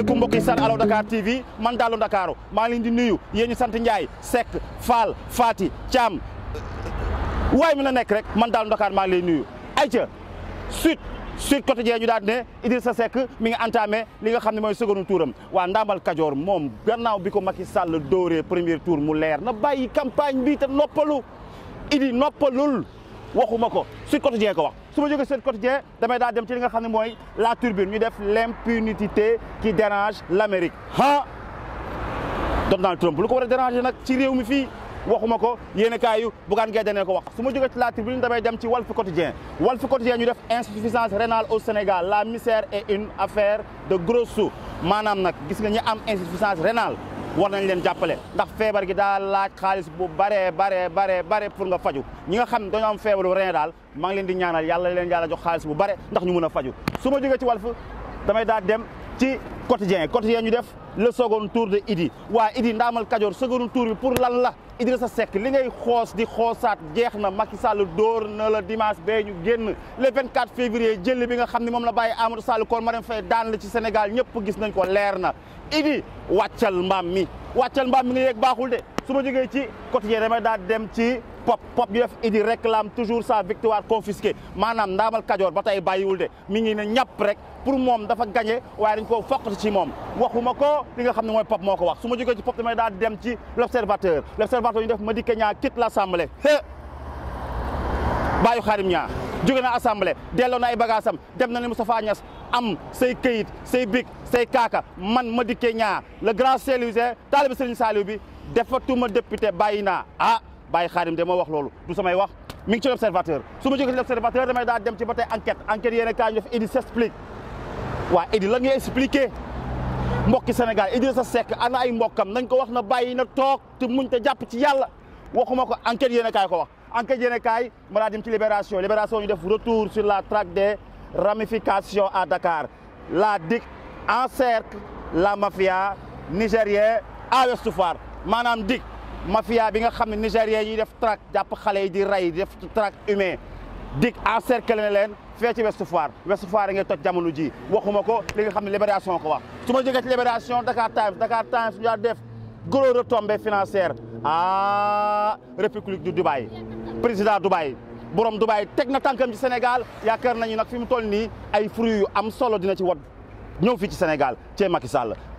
asalaamaaleykum mbokk yi sàn Allo TV man Daalu Ndakaaru maa ngi leen di nuyu yéen ñu sant Ndiaye Seck faati Fati Thiam waaye mi la nekk rek man Daalu Ndakaar maa ngi lay nuyu ayca sud Sud Quotidien ñu daal ne Idrissa mi ngi entamé li nga xam ne mooy second touram waa Ndamal Kajoor moom gannaaw bi ko Macky Sall dóoree premier tour mu leer na bàyyi campagne bi ta noppalu Idi noppalul waxuma ko Quotidien ko wax su ma jógee Quotidien damay daa dem ci li nga xam ne la turbine ñu def l'impunité qui dérange l'Amérique ah Donald Trump lu ko war a déranger nag ci réew mi fii waxuma ko yéen a kaayu bugaan gee danee ko wax su ma ci la tribune damay dem ci Walf Quotidien Walf Quotidien ñu def insuffisance rénale au Sénégal la misère est une affaire de gros sous maanaam nag gis nga ñi am insuffisance rénale war nañ leen jàppale ndax feebar gi daa laaj xaalis bu baree baree baree bare pour nga faju ñi nga xam dañoo am feebaru ren daal maa di ñaanal yàlla leen yàlla jox xaalis bu bare ndax ñu a faju su ma jógee ci Walf damay daa dem ci quotidien quotidien ñu def le second tour de Idi waa Idi ndaamal Kajoor second tour bi pour lan la Idrissa Seck li ngay xoos di xoosaat jeex na Macky Sall la dimanche bee ñu génn le 24 février jël bi nga xam ne moom la bàyyi Amadou Sall kon Marème Faye daan la ci Sénégal ñëpp gis nañ ko leer na Idi mbaam mi wàccal mbaam mi nga yeeg baaxul de su ma jógee ci quotidien damay daal dem ci pop pop yu def idi réclame toujours sa victoire confisquée manam ndamal kadior batay bayiwul de mi ngi ne ñap rek pour mom dafa gagner waaye dañ ko foqati ci mom waxuma ko li nga xam moy pop moko ko wax suma ma ci pop damay da dem ci l'observateur l'observateur l' ñu def ma di quitte kit l'assemblée bàyyu kharim nya jóge na assemblée delo na ay bagaasam dem na ni Moustapha Niass am say keuyit say big say kaka, man di Kenya, le grand saint talib Serigne Saliou bi defatuma député Bayina. ah Baye Khadim de wax lolu du samay wax mi ngi ci l'observateur su ma ci l'observateur damay da dem ci batay enquête enquête yéen a ñu def Idi s'explique wa Idi la ngay expliquer mbokki Sénégal Idrissa Seck ana ay mbokam nañ ko wax na bàyyi na tok te muñ te japp ci yalla waxumako enquête yéen a ko wax enquête yéen a ma daal dem ci libération libération ñu def retour sur la traque des ramifications à Dakar la DIC encercle la mafia nigérienne à Ouest Foire maanaam DIC mafia bi nga xam ne nigérien yi def traque jàpp xale yi di rey def traque humain dig encercler na leen fee ci Ouest Foire Ouest Foire ngay toj jamono ji waxuma ko li nga xam ne Libération ko wax su ma jógee ci Libération Dakar Times Dakar Times ñu def gros retombée financière ah République du Dubaï président Dubaï borom Dubaï teg na tànkam ci Sénégal yaakaar nañu nag fi mu toll nii ay fruits yu am solo dina ci wad ñëw fii ci Sénégal cee Macky Sall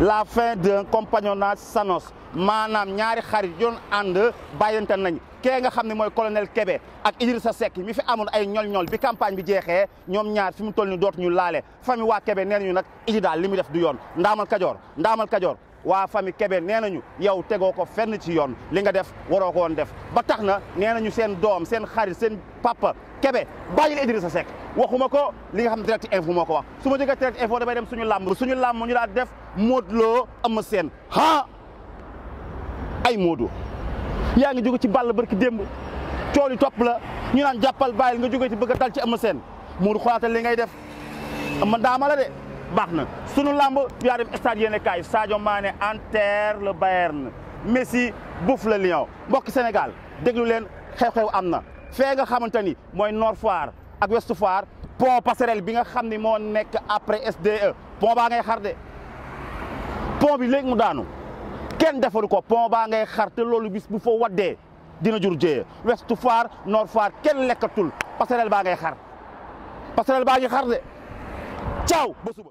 la fin d'un compagnonnage s'annonce maanaam ñaari xarit yoon ànd bàyyante nañ kee nga xam ne mooy colonel Kébé ak sa Seck mi fi amoon ay ñol-ñol bi campagne bi jeexee ñoom ñaar fi mu toll ni dootuñu laale famille waa Kébé nee nañu nag Idi daal li mu def du yoon ndaamal kajoor ndaamal kajoor waa famille kebe nee nañu yow tegoo ko fenn ci yoon li nga def waroo ko woon def ba tax na nee ñu seen doom seen xarit seen papa Kébé bàyyil sa Seck waxuma ko li nga xam direct info moo ko wax su ma jógee direct info damay dem suñu làmb suñu làmb ñu daal def Modou Lo Eumeu Sène ah ay Modou yaa ngi jóge ci bàll barki démb cool yi topp la ñu naan jàppal bàyyil nga jóge ci bëgg a dal ci Eumeu Sène Modou li ngay def ma daama la de baax na sunu làmb yaa dem stade yéene kaay Sadio Mané enterre le Bayern Messi bouffe le Lion mbokki Sénégal déglu leen xew-xew am na fee nga xamante ni mooy Nord Foire ak westu Foire pont passerelle bi nga xam ni moo nekk après SDE po baa ngay xar de pont bi léegi mu daanu kenn defaru ko pont baa ngay xar te loolu bis bu fa waddee dina jur jéye Ouest Foire noor Foire kenn lekkatul passerelle baa ngay xar passerelle baa ngi xar de caaw ba